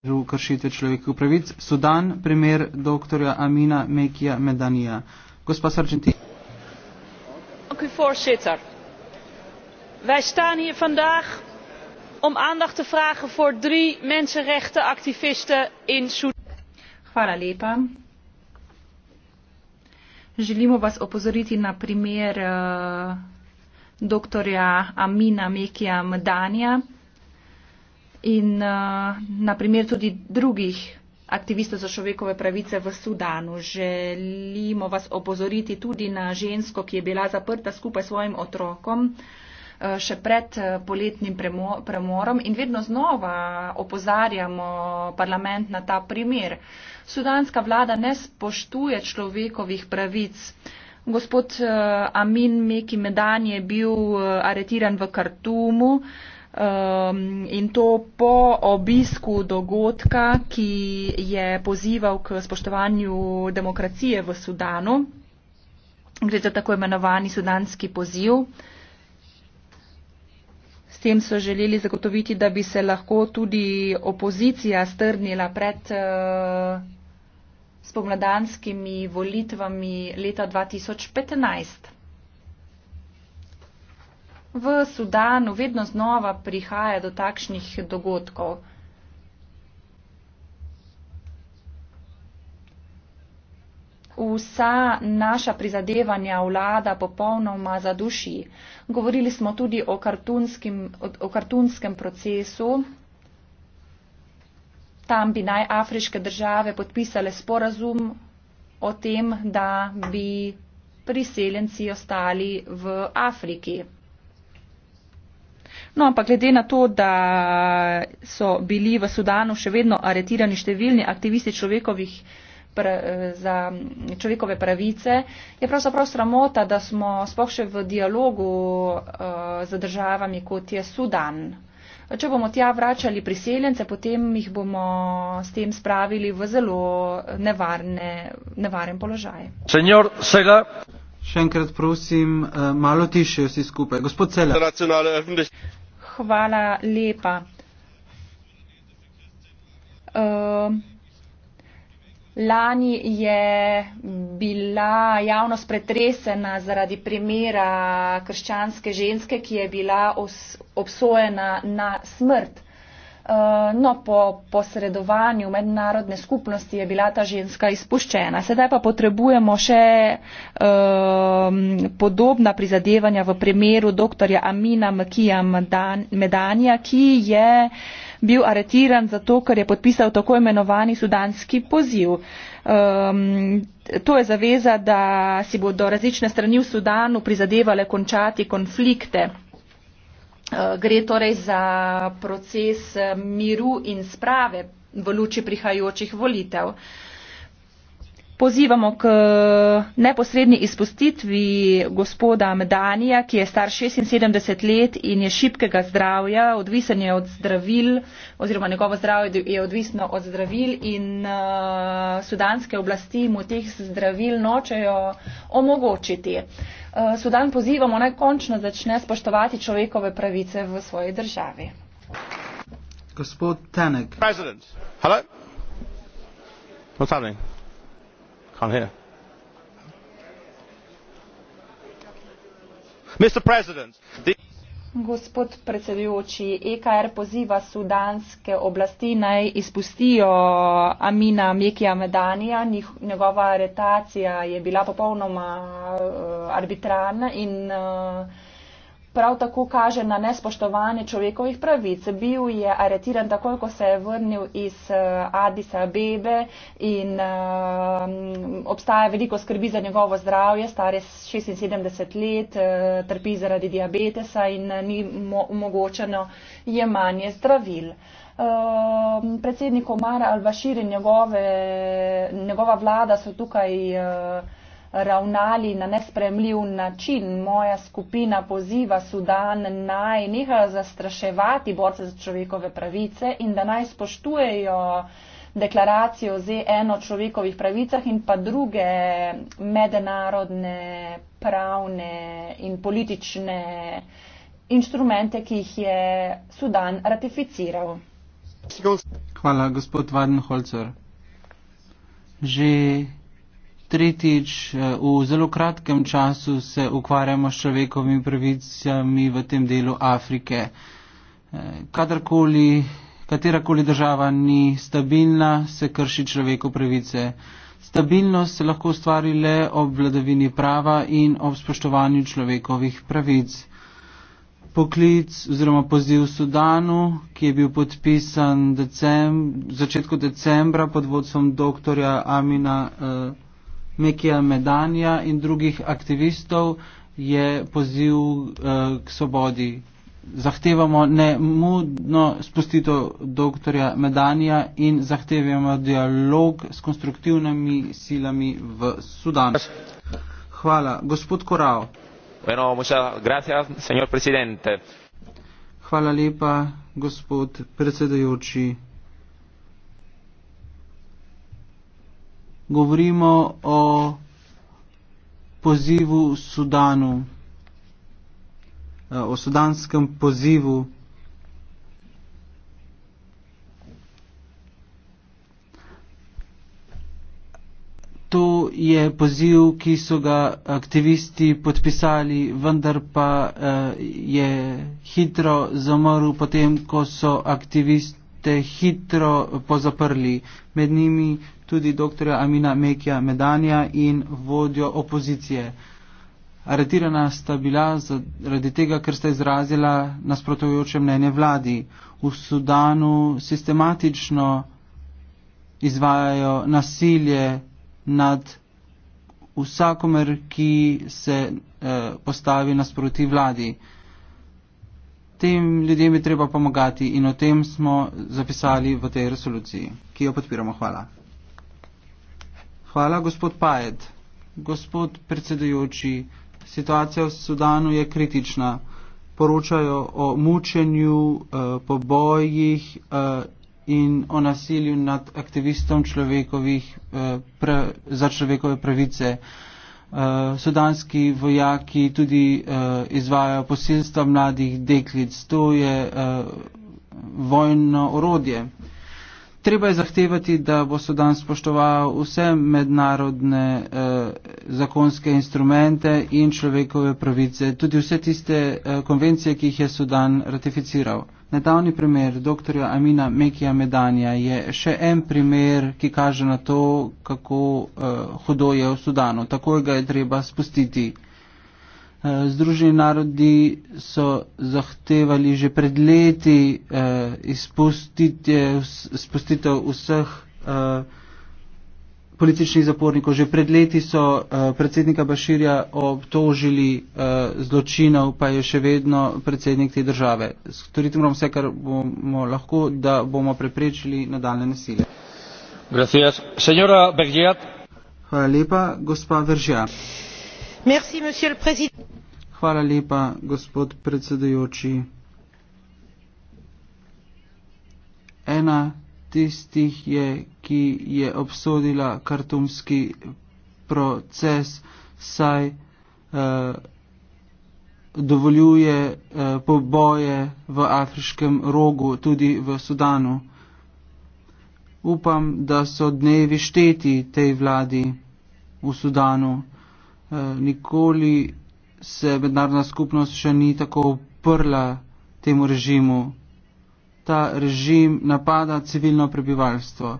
kršitve človekov pravic. Sudan, primer dr. Amina Mekija Medanija. Gospa Sargentin. Dank u voorzitter. Wij staan hier vandaag om aandacht te vragen voor drie mensenrechtenactivisten in Soedan. Hvala lepa. Želimo vas opozoriti na primer uh, doktorja Amina Mekija Mdanja in uh, naprimer tudi drugih aktivistov za človekove pravice v Sudanu. Želimo vas opozoriti tudi na žensko, ki je bila zaprta skupaj s svojim otrokom uh, še pred uh, poletnim premorom in vedno znova opozarjamo parlament na ta primer. Sudanska vlada ne spoštuje človekovih pravic. Gospod uh, Amin Meki Medan je bil aretiran v Kartumu. Um, in to po obisku dogodka, ki je pozival k spoštovanju demokracije v Sudanu. Gre za tako imenovani sudanski poziv. S tem so želeli zagotoviti, da bi se lahko tudi opozicija strnila pred uh, spomladanskimi volitvami leta 2015 v Sudanu vedno znova prihaja do takšnih dogodkov. Vsa naša prizadevanja vlada popolnoma zaduši. Govorili smo tudi o, o kartunskem procesu. Tam bi naj afriške države podpisale sporazum o tem, da bi priseljenci ostali v Afriki. No, ampak glede na to, da so bili v Sudanu še vedno aretirani številni aktivisti človekovih za človekove pravice. Je pravzaprav sramota, da smo sploh še v dialogu uh, z državami, kot je Sudan. Če bomo tja vračali priseljence, potem jih bomo s tem spravili v zelo nevarne, nevaren položaj. Senjor Sega. Še enkrat prosim, eh, malo tiše vsi skupaj. Gospod Sela hvala lepa. Ehm, lani je bila javnost pretresena zaradi primera krščanske ženske, ki je bila obsojena na smrt. Eh, no, po posredovanju mednarodne skupnosti je bila ta ženska izpuščena. Sedaj pa potrebujemo še um, podobna prizadevanja v primeru dr. Amina Mkija Medanja, ki je bil aretiran zato, ker je podpisal tako imenovani sudanski poziv. Um, to je zaveza, da si bodo različne strani v Sudanu prizadevale končati konflikte. Eh, gre torej za proces eh, miru in sprave v luči prihajajočih volitev. Pozivamo k eh, neposredni izpustitvi gospoda Medanija, ki je star 76 let in je šibkega zdravja, odvisen je od zdravil oziroma njegovo zdravje je odvisno od zdravil in uh, sudanske oblasti mu teh zdravil nočejo omogočiti. Uh, Eh, Sudan pozivamo naj končno začne spoštovati človekove pravice v svoji državi. Gospod Tanek. President. Hello. What's happening? Can't hear. Mr. President. The... Gospod predsedujoči, EKR poziva sudanske oblasti naj izpustijo Amina Mekija Medanija. Njegova aretacija je bila popolnoma uh, arbitrarna in uh, prav tako kaže na nespoštovanje človekovih pravic. Bil je aretiran takoj, ko se je vrnil iz eh, Adisa Bebe in um, obstaja veliko skrbi za njegovo zdravje, star je 76 let, eh, trpi zaradi diabetesa in ni omogočeno jemanje zdravil. Um, predsednik Omar Al-Bashir in njegove, njegova vlada so tukaj. Uh, ravnali na nespremljiv način. Moja skupina poziva Sudan naj nehajo zastraševati borce za človekove pravice in da naj spoštujejo deklaracijo ZN o človekovih pravicah in pa druge mednarodne pravne in politične inštrumente, ki jih je Sudan ratificiral. Hvala, gospod Vadenholzer. Že Tretjič, eh, v zelo kratkem času se ukvarjamo s človekovimi pravicami v tem delu Afrike. Eh, kadarkoli, katerakoli država ni stabilna, se krši človekov pravice. Stabilnost se lahko ustvari le ob vladavini prava in ob spoštovanju človekovih pravic. Poklic oziroma poziv Sudanu, ki je bil podpisan decem, začetku decembra pod vodstvom dr. Amina. Eh, Mekija Medanja in drugih aktivistov je poziv eh, k svobodi. Zahtevamo nemudno spustitev dr. Medanja in zahtevamo dialog s konstruktivnimi silami v Sudanu. Hvala. Gospod Korao. Bueno, gracias, Hvala lepa, gospod predsedujoči. govorimo o pozivu Sudanu, eh, o sudanskem pozivu. To je poziv, ki so ga aktivisti podpisali, vendar pa eh, je hitro zamrl potem, ko so aktivisti te hitro pozaprli. Med njimi tudi dr. Amina Mekija Medanja in vodjo opozicije. Aretirana sta bila zaradi tega, ker sta izrazila nasprotujoče mnenje vladi. V Sudanu sistematično izvajajo nasilje nad vsakomer, ki se eh, postavi nasproti vladi tem ljudem je treba pomagati in o tem smo zapisali v tej resoluciji, ki jo podpiramo. Hvala. Hvala, gospod Pajet. Gospod predsedujoči, situacija v Sudanu je kritična. Poročajo o mučenju, eh, pobojih eh, in o nasilju nad aktivistom človekovih, eh, pra, za človekove pravice uh, sudanski vojaki tudi uh, izvajajo posilstva mladih deklic. To je uh, vojno orodje. Treba je zahtevati, da bo Sudan spoštoval vse mednarodne eh, zakonske instrumente in človekove pravice, tudi vse tiste eh, konvencije, ki jih je Sudan ratificiral. Nedavni primer dr. Amina Mekija Medanja je še en primer, ki kaže na to, kako uh, hudo je v Sudanu. Takoj ga je treba spustiti. Uh, Združeni narodi so zahtevali že pred leti uh, spustitev vseh uh, političnih zapornikov. Že pred leti so uh, predsednika Baširja obtožili uh, zločinov, pa je še vedno predsednik te države. Storiti moramo vse, kar bomo lahko, da bomo preprečili nadaljne nasile. Hvala lepa, gospa Veržja. Hvala lepa, gospod predsedujoči. Ena tistih je, ki je obsodila kartumski proces, saj eh, dovoljuje eh, poboje v afriškem rogu, tudi v Sudanu. Upam, da so dnevi šteti tej vladi v Sudanu. Eh, nikoli se mednarodna skupnost še ni tako oprla temu režimu ta režim napada civilno prebivalstvo,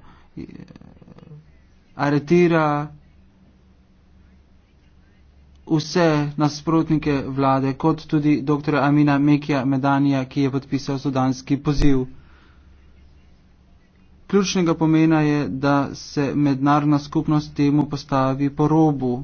aretira vse nasprotnike vlade, kot tudi dr. Amina Mekija Medanija, ki je podpisal sudanski poziv. Ključnega pomena je, da se mednarodna skupnost temu postavi po robu.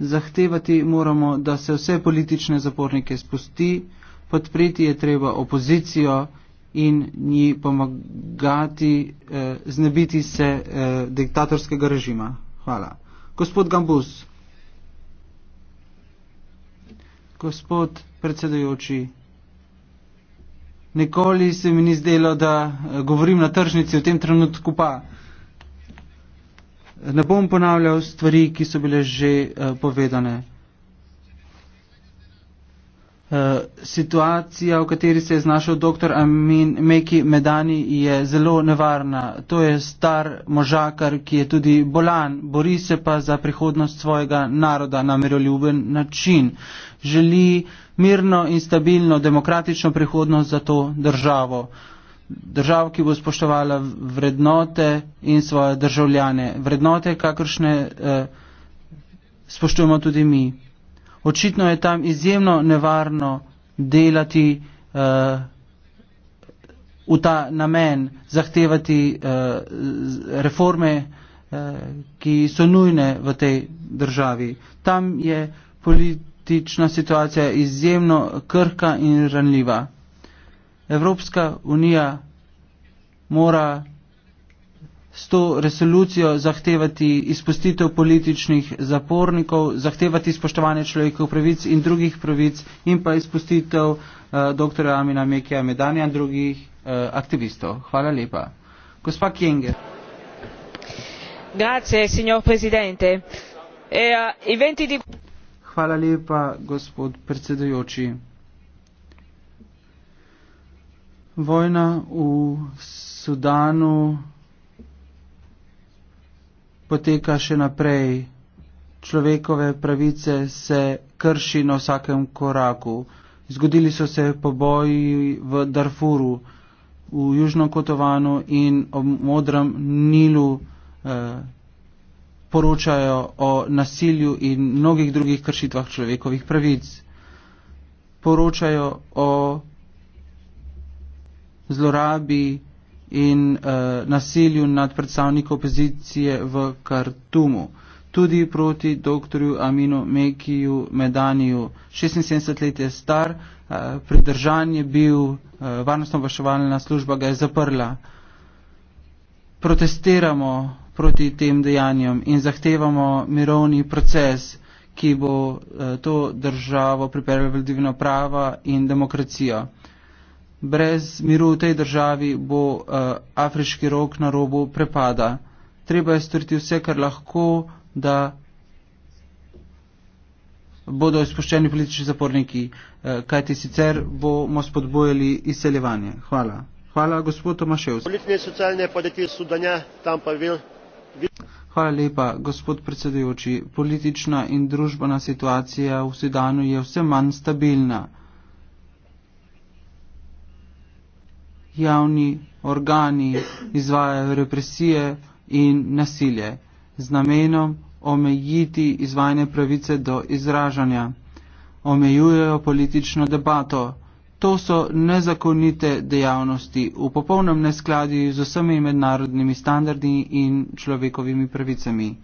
zahtevati moramo, da se vse politične zapornike spusti, podpreti je treba opozicijo in ji pomagati eh, znebiti se eh, diktatorskega režima. Hvala. Gospod Gambus. Gospod predsedajoči, nikoli se mi ni zdelo, da eh, govorim na tržnici v tem trenutku pa. Ne bom ponavljal stvari, ki so bile že eh, povedane. Eh, situacija, v kateri se je znašel dr. Amin Meki Medani, je zelo nevarna. To je star možakar, ki je tudi bolan, bori se pa za prihodnost svojega naroda na miroljuben način. Želi mirno in stabilno demokratično prihodnost za to državo držav, ki bo spoštovala vrednote in svoje državljane, vrednote, kakršne eh, spoštujemo tudi mi. Očitno je tam izjemno nevarno delati eh, v ta namen, zahtevati eh, reforme, eh, ki so nujne v tej državi. Tam je politična situacija izjemno krhka in ranljiva. Evropska unija mora s to resolucijo zahtevati izpustitev političnih zapornikov, zahtevati spoštovanje človekov pravic in drugih pravic in pa izpustitev uh, eh, dr. Amina Mekija Medanja in drugih uh, aktivistov. Hvala lepa. Gospa Kjenge. Grazie, signor presidente. E, uh, di... Hvala lepa, gospod predsedujoči. Vojna v Sudanu poteka še naprej. Človekove pravice se krši na vsakem koraku. Zgodili so se poboji v Darfuru, v Južnem Kotovanu in ob Modrem Nilu eh, poročajo o nasilju in mnogih drugih kršitvah človekovih pravic. Poročajo o zlorabi in uh, nasilju nad predstavniki opozicije v Kartumu, tudi proti dr. Aminu Mekiju Medaniju, 76 let je star, uh, pridržan je bil, uh, eh, varnostno-obaševalna služba ga je zaprla. Protestiramo proti tem dejanjem in zahtevamo mirovni proces, ki bo uh, to državo pripravil v divno prava in demokracijo. Brez miru v tej državi bo uh, afriški rok na robu prepada. Treba je storiti vse, kar lahko, da bodo izpuščeni politični zaporniki, uh, kajti sicer bomo spodbojali izseljevanje. Hvala. Hvala, gospod Tomaševski. Hvala lepa, gospod predsedujoči. Politična in družbena situacija v Sudanu je vse manj stabilna. javni organi izvajajo represije in nasilje z namenom omejiti izvajanje pravice do izražanja. Omejujejo politično debato. To so nezakonite dejavnosti v popolnem neskladju z vsemi mednarodnimi standardi in človekovimi pravicami.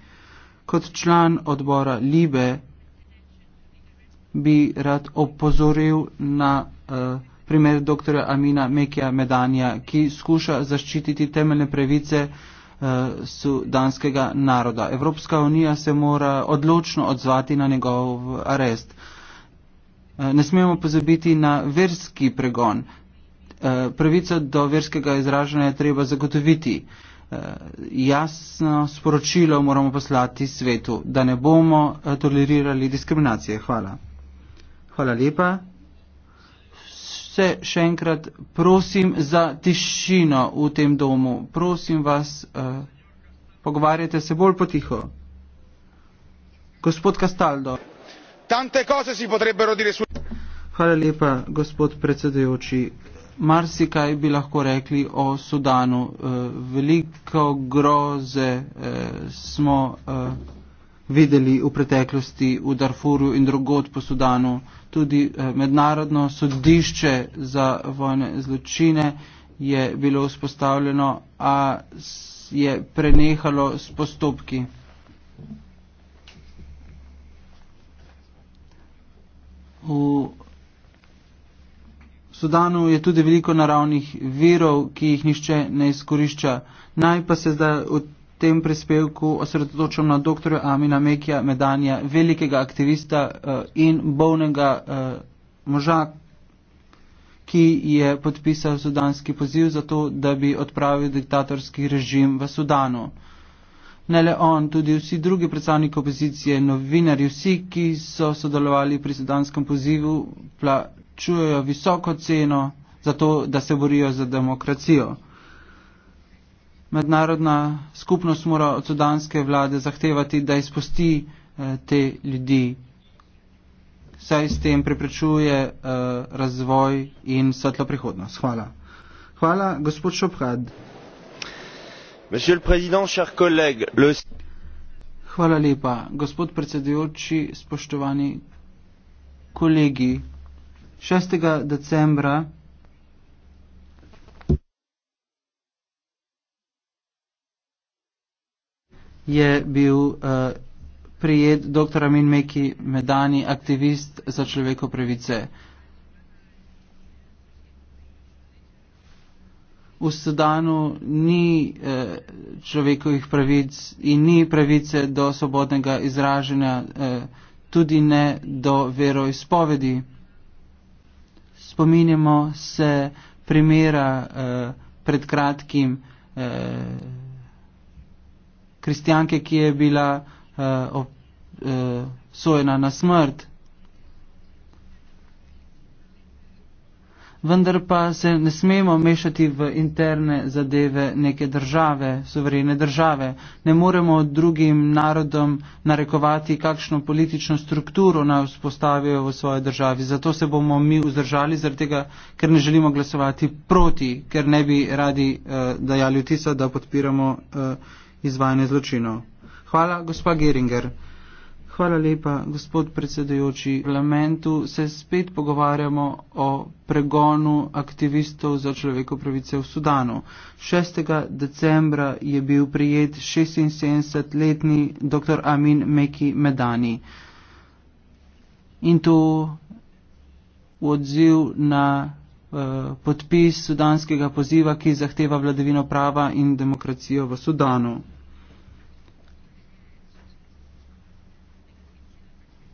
Kot član odbora Libe bi rad opozoril na uh, primer dr. Amina Mekija Medanja, ki skuša zaščititi temeljne pravice uh, sudanskega naroda. Evropska unija se mora odločno odzvati na njegov arest. Uh, ne smemo pozabiti na verski pregon. Eh, pravico do verskega izražanja je treba zagotoviti. Jasno sporočilo moramo poslati svetu, da ne bomo tolerirali diskriminacije. Hvala. Hvala lepa se še enkrat prosim za tišino v tem domu. Prosim vas, eh, pogovarjajte se bolj potiho. Gospod Castaldo. Tante cose si potrebbero dire su. Hvala lepa, gospod predsedujoči. Marsikaj bi lahko rekli o Sudanu. Eh, veliko groze eh, smo eh, videli v preteklosti v Darfurju in drugod po Sudanu. Tudi eh, mednarodno sodišče za vojne zločine je bilo vzpostavljeno, a je prenehalo s postopki. V Sudanu je tudi veliko naravnih virov, ki jih nišče ne izkorišča. Naj pa se zdaj tem prispevku osredotočam na dr. Amina Mekija Medanja, velikega aktivista eh, in bovnega eh, moža, ki je podpisal sudanski poziv za to, da bi odpravil diktatorski režim v Sudanu. Ne le on, tudi vsi drugi predstavniki opozicije, novinari, vsi, ki so sodelovali pri sudanskem pozivu, plačujejo visoko ceno za to, da se borijo za demokracijo mednarodna skupnost mora od sudanske vlade zahtevati, da izpusti eh, te ljudi, saj s tem preprečuje eh, razvoj in svetlo prihodnost. Hvala. Hvala, gospod Šophad. Hvala lepa, gospod predsedujoči, spoštovani kolegi. 6. decembra je bil uh, prijet dr. Amin Meki Medani, aktivist za človeko pravice. V Sudanu ni eh, človekovih pravic in ni pravice do svobodnega izražanja, eh, tudi ne do veroizpovedi. Spominjamo se primera eh, pred kratkim. Eh, kristijanke, ki je bila uh, ob, uh, eh, sojena na smrt. Vendar pa se ne smemo mešati v interne zadeve neke države, suverene države. Ne moremo drugim narodom narekovati, kakšno politično strukturo naj vzpostavijo v svoji državi. Zato se bomo mi vzdržali, tega, ker ne želimo glasovati proti, ker ne bi radi uh, dajali vtisa, da podpiramo. Uh, izvajanje zločinov. Hvala, gospa Geringer. Hvala lepa, gospod predsedujoči. V parlamentu se spet pogovarjamo o pregonu aktivistov za človeko pravice v Sudanu. 6. decembra je bil prijet 76-letni dr. Amin Meki Medani. In to v odziv na Eh, podpis sudanskega poziva, ki zahteva vladavino prava in demokracijo v Sudanu.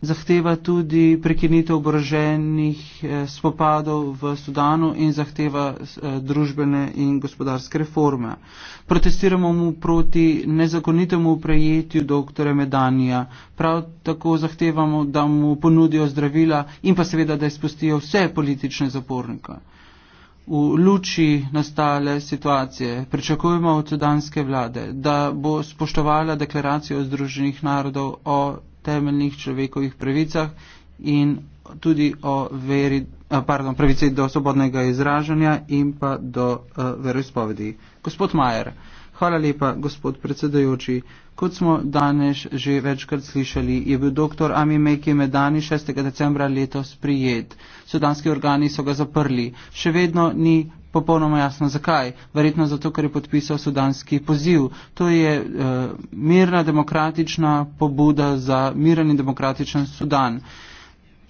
zahteva tudi prekinitev oboroženih eh, spopadov v Sudanu in zahteva eh, družbene in gospodarske reforme. Protestiramo mu proti nezakonitemu prejetju dr. Medanija. Prav tako zahtevamo, da mu ponudijo zdravila in pa seveda, da izpustijo vse politične zapornike. V luči nastale situacije pričakujemo od sudanske vlade, da bo spoštovala deklaracijo Združenih narodov o temeljnih človekovih pravicah in tudi o veri, pardon, pravici do svobodnega izražanja in pa do uh, veroizpovedi. Gospod Majer, hvala lepa, gospod predsedajoči. Kot smo danes že večkrat slišali, je bil dr. Ami Meki Medani 6. decembra letos prijet. Sudanski organi so ga zaprli. Še vedno ni popolnoma jasno zakaj. Verjetno zato, ker je podpisal sudanski poziv. To je uh, mirna demokratična pobuda za miren in demokratičen Sudan. Uh,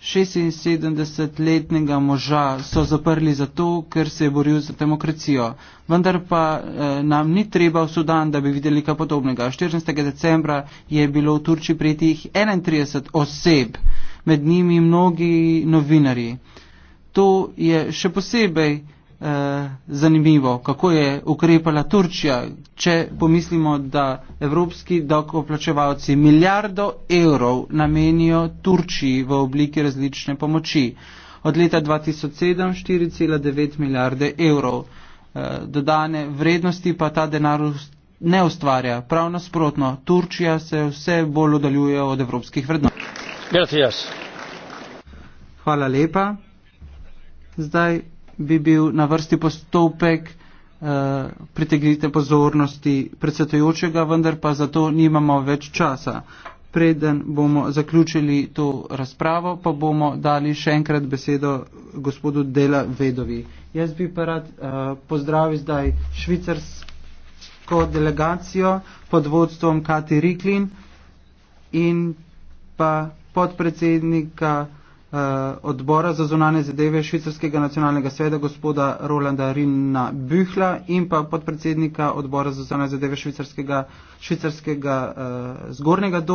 76-letnega moža so zaprli zato, ker se je boril za demokracijo. Vendar pa eh, nam ni treba v Sudan, da bi videli kaj podobnega. 14. decembra je bilo v Turčiji prijetih 31 oseb, med njimi mnogi novinari. To je še posebej. Eh, zanimivo, kako je ukrepala Turčija, če pomislimo, da evropski dokoplačevalci milijardo evrov namenijo Turčiji v obliki različne pomoči. Od leta 2007 4,9 milijarde evrov eh, dodane vrednosti pa ta denar ne ustvarja. Prav nasprotno, Turčija se vse bolj oddaljuje od evropskih vrednot. Gracias. Hvala lepa. Zdaj bi bil na vrsti postopek eh, pritegnite pozornosti predsedujočega, vendar pa zato nimamo več časa. Preden bomo zaključili to razpravo, pa bomo dali še enkrat besedo gospodu Dela Vedovi. Jaz bi pa rad eh, pozdravil zdaj švicarsko delegacijo pod vodstvom Kati Riklin in pa podpredsednika. Eh, odbora za zunanje zadeve švicarskega nacionalnega sveda gospoda Rolanda Rina Bühla in pa podpredsednika odbora za zunanje zadeve švicarskega, švicarskega eh, zgornjega doma.